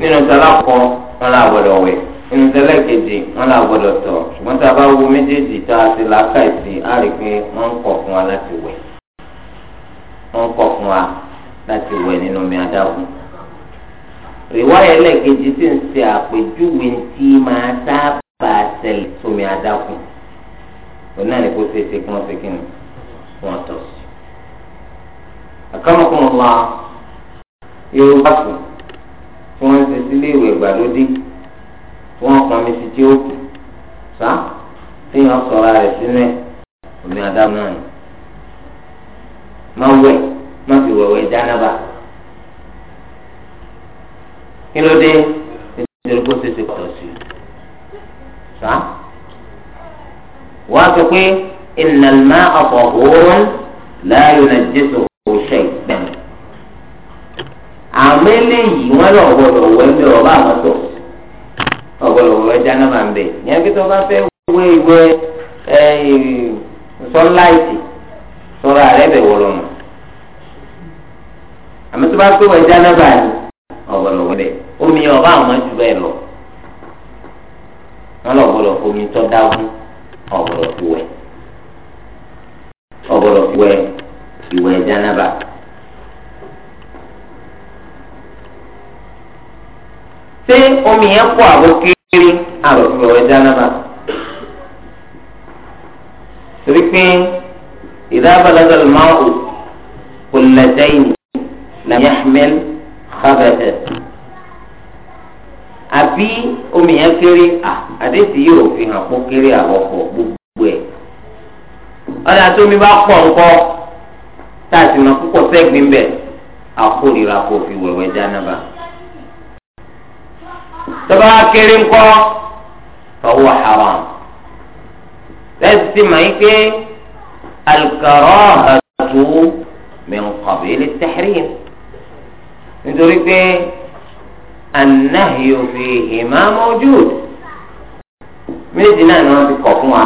nínú tẹ́lá kan wọn là gbọ́dọ̀ wẹ̀ nínú tẹ́lá kejì wọn là gbọ́dọ̀ tọ̀ ṣùgbọ́n tí a bá wo méjèèjì tá a ti làákàyèsí a rí i pé wọ́n ń kọ̀ fún wa láti wẹ̀ wọ́n ń kọ̀ fún wa láti wẹ̀ nínú omi adágún rìwáyà ẹlẹ́ẹ̀kejì sì ń ṣe àpèjúwe tí máa sábà ṣẹlẹ̀ sómi adákùn òun náà ní kó ṣe é ṣe kí wọ́n ṣe kí ni wọ́n tọ̀ wa yorùbá kù tí wọ́n ń ṣe sílé ìwé ìgbàlódé tí wọ́n pọn mi sí tí ó kù sá téèyàn sọ̀rọ̀ rẹ̀ sínú ẹ̀ omi adákùn náà ni. má wẹ̀ má fi wẹ̀wẹ̀ dáná bá kí ló dé nítorí kó ṣe ṣe pọ̀ sí i sá wàá sọ pé ìnàlmá ọ̀pọ̀ òórùn láàyò náà jésù òṣè ìgbẹ́ni àmọ́ eléyìí wọ́n lọ gbọ́dọ̀ wọ ẹgbẹ́ ọba àwọn tó wọ ẹja náà máa ń bẹ̀ yẹn bí tó bá fẹ́ wé ìwé sọ́nláìtì sọ́ra rẹ̀ bẹ̀ wọ̀rọ̀ nù àmọ́ tó bá fẹ́ wọ ẹja náà báyìí ọgbọ́dọ̀ wọ bẹ́ẹ̀ omi ọba àwọn ju bẹ́ẹ̀ lọ wọn lọ gbọ́dọ̀ omi tọ dáwọ ọgbọ́dọ̀ fi wẹ̀ ọgbọ́dọ̀ fi wẹ̀ ìwẹ̀ jánábà. ṣé omi yẹn pọ̀ àbọ̀ kiri àrò fi wẹ̀ jánábà torí pé ìdábàlágà lọ́wọ́ kò lẹ́tẹ̀yìn làyàmẹ́lì xabẹ́tẹ̀ àbí omi yẹn kéré àdéhùn yìí ò fi hàn kó kéré àwọ̀pọ̀ gbogbo ẹ̀. ọ̀dà tó mi bá pọ̀ ńkọ́ tá a sì mọ púpọ̀ sẹ́gbìn bẹ̀ àkórira kò fi wẹ̀wẹ̀ jánába. tọ́ba kéré ńkọ́ fọwọ́ haram. lẹ́sìn màá yí pé al-karahatu min qabili at nítorí pé. النهي فيهما موجود méjì náà ni wọ́n ti kọ̀ fún wa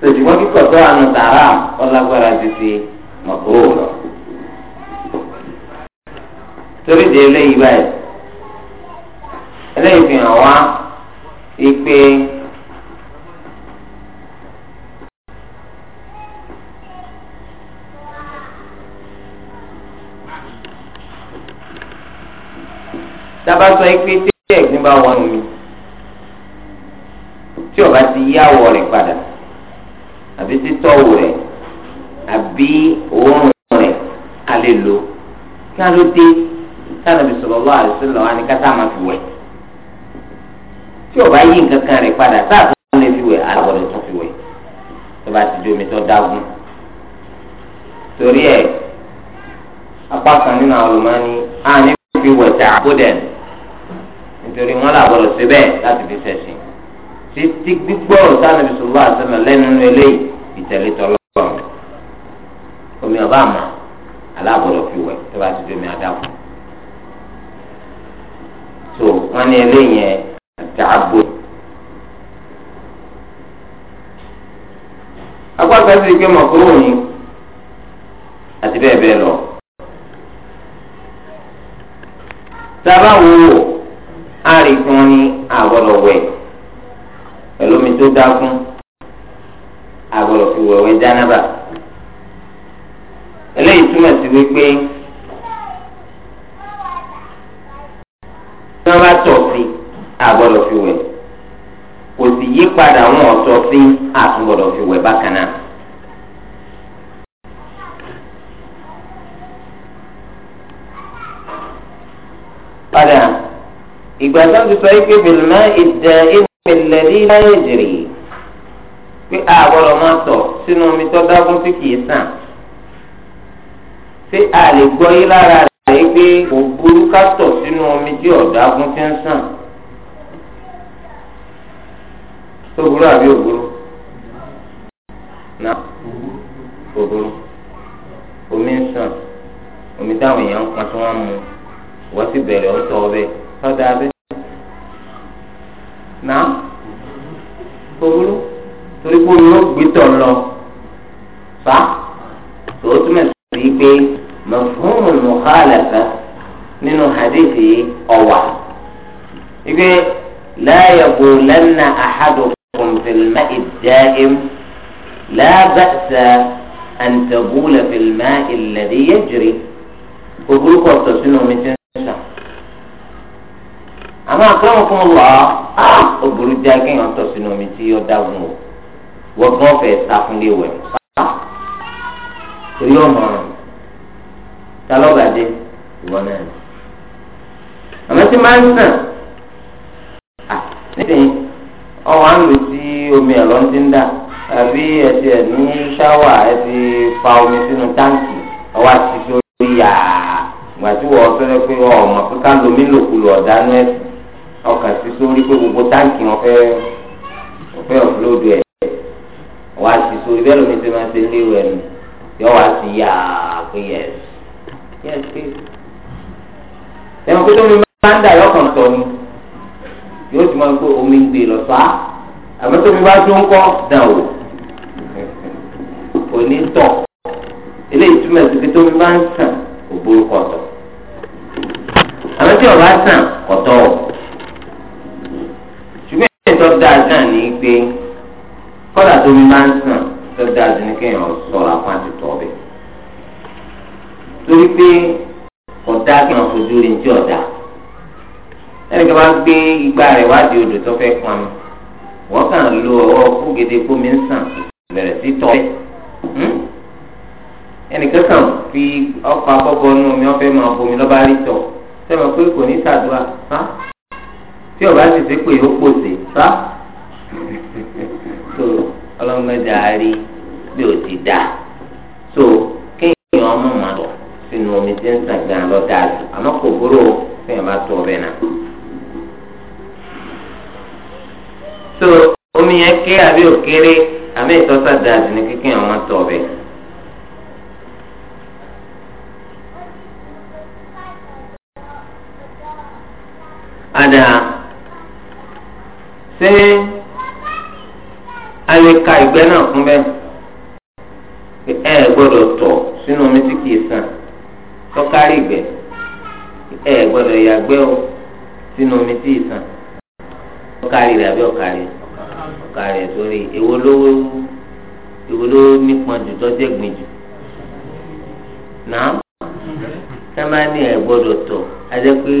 sojúmọ́ kíkọ̀ tó àánú tààrà ọlágbára ti fi mọ̀kúrò Tori fi hàn wá ipe. dábàá sọ pé tí ẹ̀gbin bá wọnú mi tí ọba ti yí àwọ̀ rẹ̀ padà àbí títọ́wò rẹ̀ àbí òórùn rẹ̀ a lè lò kí a ló dé sanabi sallallahu alaihi wasallam àni kátà máa fi wẹ̀ tí ọba yí nǹkan kan rẹ̀ padà tá a tó lè fi wẹ̀ àgbọ̀dọ̀ tó fi wẹ̀ tó bá ti di tó dágún torí ẹ̀ apá kan nínú àwọn olùmọ́ni àní fi wẹ̀ tà àbúdẹ̀ nítorí wọn làbọ̀ lọ síbẹ̀ láti fi ṣẹ̀sìn títí gbígbọ́ sànà bisimilá àtẹnà lẹ́nu nínú eléyìí ìtẹ̀lé tọ́lọ́ omi ọba àmọ́ aláàbọ̀lọ̀ fi wẹ̀ tó bá ti di omi adágún so wọn ní eléyìí yẹn àtàgbò. akpákan sì pé mọ̀kúrò ni àti bẹ́ẹ̀ bẹ́ẹ̀ lọ. sábà wo àárín tí wọ́n ní àgbọ̀dọ̀ wẹ̀ pẹ̀lú omi tó dákún àgbọ̀dọ̀ fi wẹ̀wẹ̀ jánábà eléyìí túmọ̀ sí wípé tí wọ́n bá tọ̀ sí àgbọ̀dọ̀ fi wẹ̀ kò sì yí padà wọn ọ̀tọ̀ sí àtúngbọ̀dọ̀ fi wẹ̀ bákan náà. ìgbà tó ń ti sọ yìí pé bìnnà ìdẹ ìpìlẹ̀ ní nàìjírí pé àgbọ̀dọ̀ máa tọ̀ sínú omi tó dágún tí kìí sàn ṣé a lè gbọ́ yí lára rẹ̀ yìí pé kò burú ká tọ̀ sínú omi tí ọ̀dágún ti ń sàn tó burú àbí òburú náà òburú omi ń sàn omi táwọn èèyàn ń pọn tí wọ́n ń mu wọ́n sì bẹ̀rẹ̀ ń tọ́ ọ bẹ́ẹ̀ tọ́ da bẹ́ẹ̀ náà kòrò torí pé omi yóò gbé tọ̀ lọ fa tó túmọ̀ sí pé mafhumul mukhalafa nínú hadithi ọ̀wà ike la yaqulanna ahadukum fil ma'i ad-da'im la ba'sa an taqula fil ma'i alladhi yajri kòkòrò kọ̀ọ̀tọ̀ sínú omi tí sàn àmọ́ àkọlọ́wọ́ fún wa á òbúrú já kéèyàn tọ̀ sínú omi tí ó dágun o wọ́gbọ́n fẹ́ ah, ta fún lé wẹ̀ pa torí ọ̀nà ọ̀ràn ta lọ́gàdé ìwọ náà ni àmọ́ tí máa ń sàn ah, nísìnyí ọ̀hún à ń lò sí omi ẹ̀rọ ń ti ń dà àbí ẹ̀sì ní ṣáwà ẹ̀ ti fa omi sínú táǹkì ọwọ́ àti sórí yàrá ìgbà tí wọ́n fẹ́rẹ́ pé ọmọ pé ká lomi lòkulò ọ̀dánú ẹ̀sìn ọkàn sí sórí pé gbogbo táǹkì wọn fẹ́ wọn fẹ́ ọ̀fúlódù ẹ̀ wàá sí sórí bẹ́ẹ̀ lómi ṣe máa ṣe léwu ẹ̀nu yọ wàá sí yá pé yẹs yẹs pé ẹ̀wọ̀n pé tómi máa ń dà lọ́kàn sọ ni yóò ti máa ń pé omi ń gbé lọ sá àmọ́ tómi bá tó ń kọ́ dàn o òní tọ̀ eléyìí túmọ̀ sí pé tómi máa ń sàn òbúrú kọ̀tọ̀ àmọ́ tí ọ̀rọ̀ á sàn kọ̀tọ̀ o tó dáa náà ní pé kọ́dà tó mi máa ń sàn tó dáa jù ní kéèyàn sọ̀rọ̀ apá ti tọ̀ ọ̀bẹ. torí pé ọ̀dà kí wọ́n fojú rí ní ọ̀dà ẹnì kan bá gbé igbá rẹ̀ wádìí odò tó fẹ́ pọn mi wọ́n kàn lo ọwọ́ fúgede kómi ń sàn bẹ̀rẹ̀ sí tọ́ ẹ̀ hmm? ẹnìkan kan fi ọkọ̀ abọ́bọ́ nù mí wọ́n fẹ́ máa bomi lọ́ba rí tọ̀ sẹ́wọ̀n pé kò ní sàdúrà tí ọba sì ṣe pé ó pòsè fa so ọlọ́mọdé àárí bí o ti dá so kéèyàn ọmọ màdọ̀ sínú omi tí ń sàn gan lọ dáa jù àmọ́ kò burú kéèyàn bá tó ọbẹ̀ náà. so omi yẹn ké àbí òkéré àmì ìtọ́sà dáa jù ní kéèyàn ọmọ tó ọbẹ̀. ada ṣé a ka ìgbẹ́ náà fún bẹ́ẹ̀ pé ẹ gbọ́dọ̀ tọ̀ sínú omi tí kìí sàn tọ́kárí ìgbẹ́ ẹ gbọ́dọ̀ yàgbẹ́ o sínú omi tí rẹ̀ àbí ẹ̀ sórí nípọn jù tọ́jú ẹ̀gbìn jù náà ní ẹ gbọ́dọ̀ tọ̀ a jẹ́ pé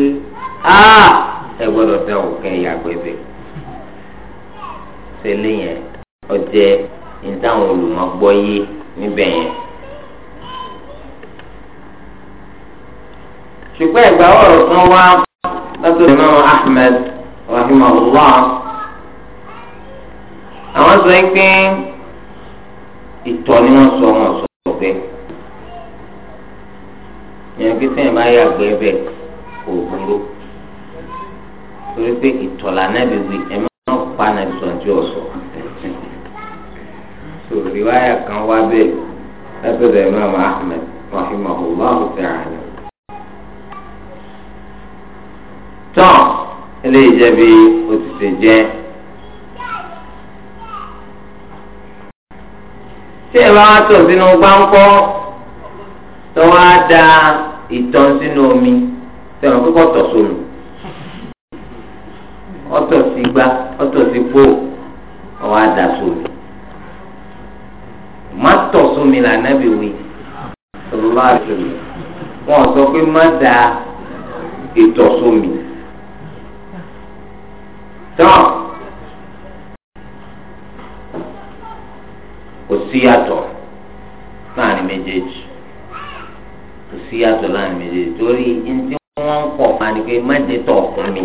ẹ gbọ́dọ̀ ṣe léyìn ọjẹ ìdáhùn olùmọgbọ́yé níbẹ̀ yẹn. ṣùgbọ́n ẹ̀gbà ọ̀rọ̀ kan wá lọ́sọ̀rọ̀ Imam Ahmed rahimahullah àwọn sọ pé ìtọ̀ ni wọ́n sọ wọn sọ pé yẹn kí sẹ́yìn bá yà gbẹ́ bẹ́ẹ̀ kò burú torí pé ìtọ̀ lànà bíbí ẹ̀ má pa nàbí sọ tí o sọ so riwaya kan wá bẹ́ẹ̀ lọ́sọ̀dọ̀ imam ahmed rahimahullahu ta'ala. tán eléyìí jẹ́ bí o ti ṣe jẹ́. tí ẹ bá wá tọ̀ sínú gbáǹkọ́ tó wá da ìtọ̀ sínú omi tẹ̀wọ̀n kókó tọ̀ sómi. ọ̀tọ̀ sí gbá ọ̀tọ̀ sí pò ọwọ́ àdàsó mi má tọ̀ sún mi là nábì wí sọlá àti mi wọn sọ pé má da ètò sún mi tọ kò sí yàtọ̀ láàrin méjèèjì kò sí yàtọ̀ láàrin méjèèjì torí ntí wọ́n ń pọ̀ fani pé má dé tọ̀ fún mi.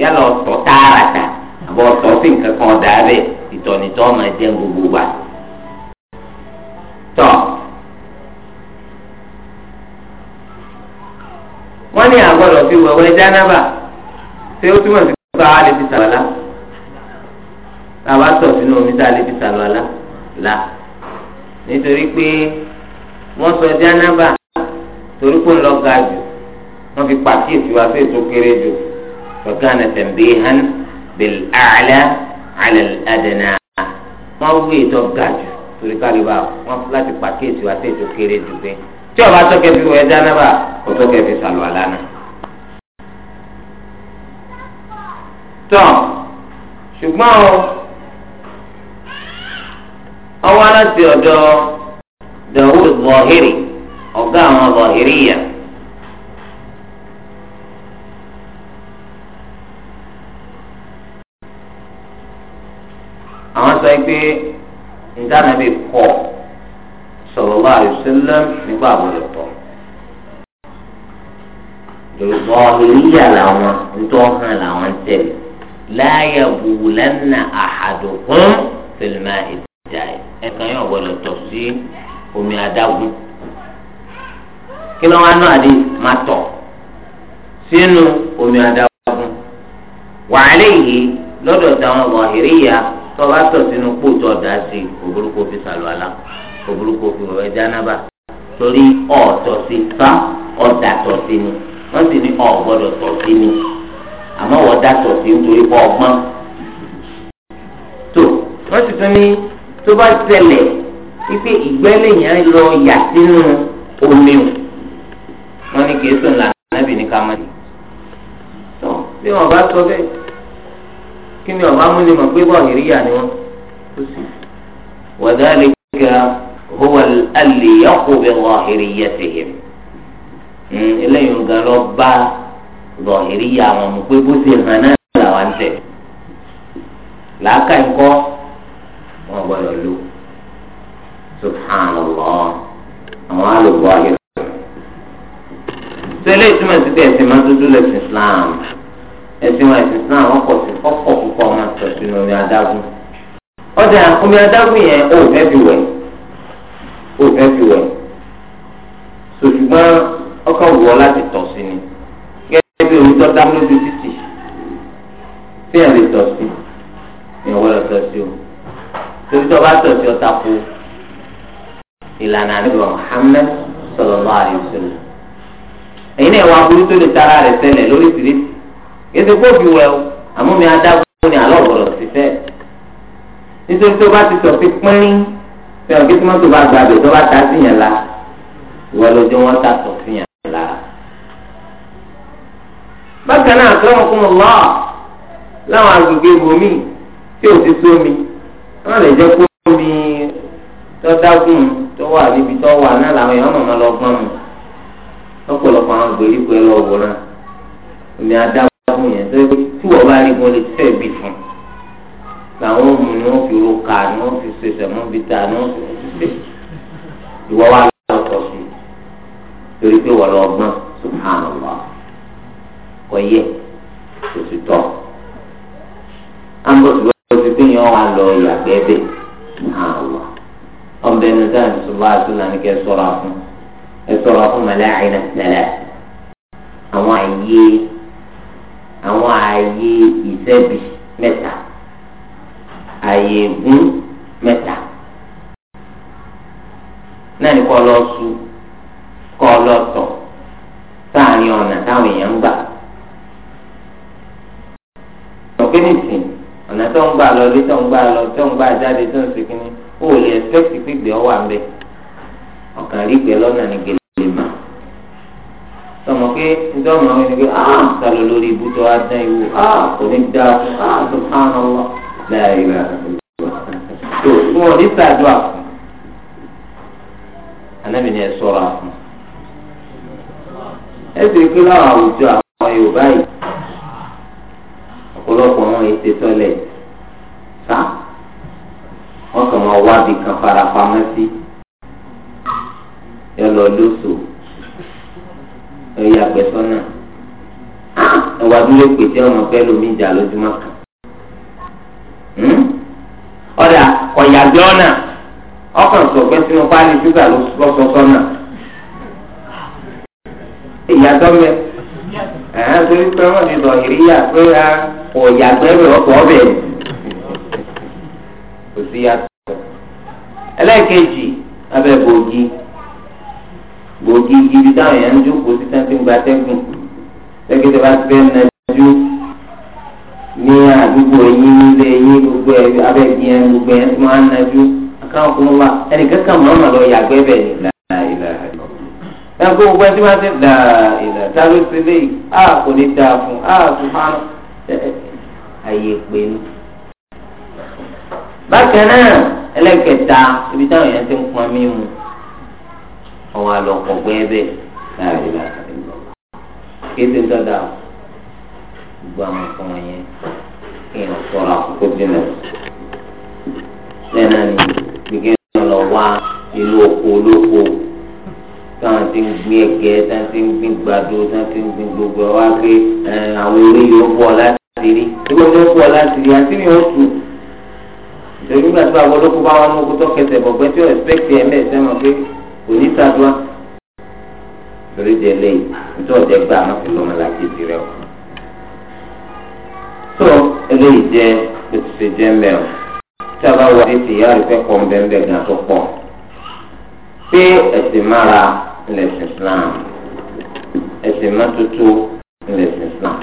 yálà ọ̀tọ̀ tààràtà àbọ̀ ọ̀tọ̀ sí nǹkan kan ọ̀dà rẹ̀ ìtọ̀nìtọ̀ máa jẹ́ gbogbo wa. tọ́ wọ́n ní àgbọ̀dọ̀ fi wẹ̀wẹ́ jánábà ṣé ó túmọ̀ sí pé báwa lè fi sàlọ́lá báwa tọ̀ sínú omi tá a lè fi sàlọ́lá là nítorí pé wọ́n sọ jánábà torí pé ń lọ ga jù wọ́n fi pàkíyèsí wa sí ètò kéré jù. وكان تنبيها بالأعلى على الأدنى ما هو يتوقعه torí ká lè bá wọn láti pàkíyèsí wa tẹ̀ tó kéré jù pé tí ọba tọ́kẹ́ fi wọ ẹja náà bá kò tọ́kẹ́ fi sàlù àlánà. tọ́ ṣùgbọ́n o ọwọ́ aláṣẹ ọ̀dọ́ Dawud Zahiri ọ̀gá àwọn Zahiriya. sọ pé ìdánábì kọ̀ sallallahu alaihi wasallam nígbà wọlé pọ̀ ìbọn ìlíyà làwọn ntọ́ hàn làwọn tẹ̀lé láyà bùlẹ́nà àhàdùkún fìlìmà ìjà ẹ̀ka yóò wọlé tọ̀ sí omi adágún kí ló wá náà di máa tọ̀ sínú omi adágún wàhálẹ́ yìí lọ́dọ̀ táwọn wàhíríyà tọba tọ̀ sínú kóòtù ọ̀dà sí òbúrúkọ fi sàlùwàlà òbúrúkọ fi wẹ̀ jánábà torí ọ̀tọ̀ sí fa ọ̀dà tọ̀ sí ni wọ́n sì ní ọ̀gbọ́dọ̀ tọ̀ sí ni àmọ́ wọ́n dà tọ̀ sí nítorí pọ̀ ọgbọ́n. tó wọ́n sì tún ní tó bá tẹ̀lẹ̀ wípé ìgbẹ́lẹ̀ yẹn lọ yà sínú omi o wọ́n ní kì í sùn lànà nábì ní ká má di. tó bí wọ́n bá sọ bẹ́ẹ̀ kí ni ọ̀ma múni mọ̀ pé bọ́ọ̀ nìríyà ni wọ́n tó sì. wadhalika huwa alli yaqu bi zahiriyyatihim hmm, eléyìí nǹkan lọ bá zahiriyya àwọn mọ̀ pé bó ṣe hàn náà làwọn ń tẹ̀. làákà ń kọ́ wọn gbọ́dọ̀ lò subhanallah àwọn àlùbọ̀ àyẹ̀wò. sọ eléyìí sí pé ẹ̀sìn máa dúdú lẹ́sìn Islam ẹ̀sìn wa ẹ̀sìn Islam wọ́n pọ̀ yàtọ̀ sínú omi adágún ọjà omi adágún yẹn ó fẹ́ fi wẹ̀ ó fẹ́ fi wẹ̀ ṣùgbọ́n ọkọ̀ wù ọ́ láti tọ̀ sí ni gẹ́gẹ́ bí omi tó dáhùn lójú títì tí yẹn lè tọ̀ sí yẹn wọ́n lọ tọ̀ sí o torí tó bá tọ̀ sí ọ̀tá kú ìlànà àdúgbò Muhammad sallallahu alaihi wasallam ẹ̀yin náà wà burú tó lè tara rẹ̀ ṣẹlẹ̀ lórí ìdílé ètò kó fi wẹ̀ o àmúmi adágún ó ní àlọ́ ọ̀gbọ̀dọ̀ sí fẹ́ nítorí tó bá ti sọ pé pínrín fẹ́ràn kí tòmátò bá gba àbẹ̀ tó bá ta sí yẹn la ìwọ lójú wọn ta sọ sí yẹn la. bákan náà tó ń kún un lọ láwọn agbègbè bomi tí ò ti sómi wọn lè jẹ kó omi tó dágùn tó wà níbi tó wà náà làwọn èèyàn mọ̀mọ́ lọ gbọ́n mu lọ́pọ̀lọpọ̀ àwọn gbèríko ẹ lọ́wọ́ omi adágún àwọn èèyàn tó yẹ tí wọ́n bá rí wọn lè fẹ́ bí fún làwọn ọmọ ni wọ́n fi ro ká ni wọ́n fi ṣe ṣẹ̀mọ́ bí ta ni wọ́n fi ṣe ìwọ wa lọ́tọ̀ sí torí pé wọ́n lọ gbọ́n subhanallah kò yẹ kò sì tọ́ ambos ti pín yẹn wà lọ ìyàgbẹ́ bẹ́ẹ̀ subhanallah ọ̀nbẹ ní sáà ní sọ́lá àti lànà kẹ́ sọ́ra fún ẹ sọ́ra fún mẹ́lẹ́ àyìnà tẹ́lẹ̀ àwọn àyè. àwọn ààyè ìṣẹ́bi mẹ́ta ààyè ègún mẹ́ta náà ní kọ́ lọ su kọ́ lọ tọ̀ sáàrin ọ̀nà táwọn èèyàn ń gbà. ọ̀pẹ́ nìsín ọ̀nà tó ń gbà lọ lé tó ń gbà lọ tó ń gbà jáde tó tọmọ pé ǹjọ́ ọmọ mi ni pé ah sálọ lórí ibùdó adán ìwò ah kò ní dá ah subhanallah láì rà tó wọn ò ní sàdúrà fún anábì ni ẹ sọ̀rọ̀ àfún ẹ sì pé láwọn àwùjọ àwọn Yorùbá yìí ọ̀pọ̀lọpọ̀ wọn ètè tọ́lẹ̀ sá wọn kàn máa wá bí kan farapamọ́ sí yọ lọ lóṣù ẹ̀yà àgbẹ̀sọ́nà ah! ẹ̀wà dúró pè tí ọmọ fẹ́ lomi ìjà lójúmọ́ kan. Hmm? ọ̀dà ọ̀yàgbẹ́ ọ̀nà ọkàn sọ̀gbẹ́ sínú páálí ṣúgà lọ́sọ̀sọ́nà. ìyàtọ̀ mẹ́ ẹ̀hán torí pé wọ́n ti lọ ìríyà pé ọ̀yàgbẹ́ rẹ̀ ọ̀pọ̀ ọ̀bẹ̀ kò sí yàtọ̀. ẹlẹ́ẹ̀kejì abẹ́ bòógì gbòógì gidi táwọn èèyàn ń jókòó sí tán ti ń gba tẹ́gùn tẹ́gẹ́tẹ́ bá ti fẹ́ nàjú ní àdúgbò yín nílé yín gbogbo ẹ̀ abẹ́bí ẹ̀ gbogbo ẹ̀ tí wọ́n á nàjú akáwọn kò wá ẹnìkan kan mọ̀ ọ́nà lọ yàgbẹ́ bẹ̀ ní láìlà ẹ̀ kó gbogbo ẹ̀ tí wọ́n ti láìlà táwọn ti lé yìí á kò ní dáa fún á kò fún àyè pé ní. bákan náà ẹlẹ́kẹ̀ta ibi táwọn èèyàn ti ń pọn mímu wọn á lọ kọ gbẹ́ẹ́bẹ́ láàrin láti lọ. kéde dọ́dà gbogbo àwọn nǹkan wọ̀nyẹn kéèyàn sọ̀rọ̀ àkókò dínà. lẹ́nà ni gbígbé lọ wá ìlú oko olóko táwọn ti ń gbin ẹ̀gẹ́ táwọn ti ń gbin gbàdo táwọn ti ń gbin gbogbo ẹ̀ wá pé àwọn eléyìí ó bọ̀ láti rí. ìwé ni ó bọ̀ láti rí àti ni ó tù torí àwọn olóko bá wọn mú kó kẹsẹ̀ bọ̀ tí ó ẹ̀sìpẹ̀kì ẹ̀mẹ́ẹ̀sẹ̀ mọ̀ pé òní sàdúrà torí de lẹ́yìn nítorí ọ̀jẹ̀ gbà má fi lọ́mọ láti ti rẹ̀ o. tó eléyìí jẹ́ òṣìṣẹ́ jẹ́ mẹ́rin tí a bá wà ní tìyá rẹ̀ fẹ́ pọ̀ nbẹ́nbẹ́ gan tó pọ̀ pé ẹ̀sìn mára lẹ̀sìn Islam ẹ̀sìn mọ́tótó lẹ̀sìn Islam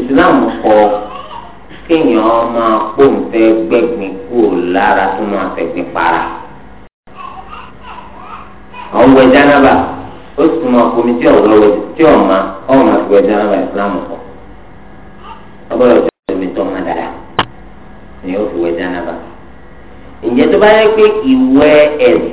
Islam kọ kéèyàn máa pòǹfẹ́ gbẹ̀gbìn kúrò lára tó máa fẹ̀gbìn para àwọn wẹ̀ jánábà ó sì mọ omi tí ọ̀rọ̀ wẹ̀ tí ọ̀ma ọ̀ma fi wẹ̀ jánábà ìsìlámù kọ. ọgbọ́dọ̀ jọ omi tó máa dára ni ó fi wẹ̀ jánábà. ǹjẹ́ tó bá yẹ pé ìwẹ̀ ẹ̀sìn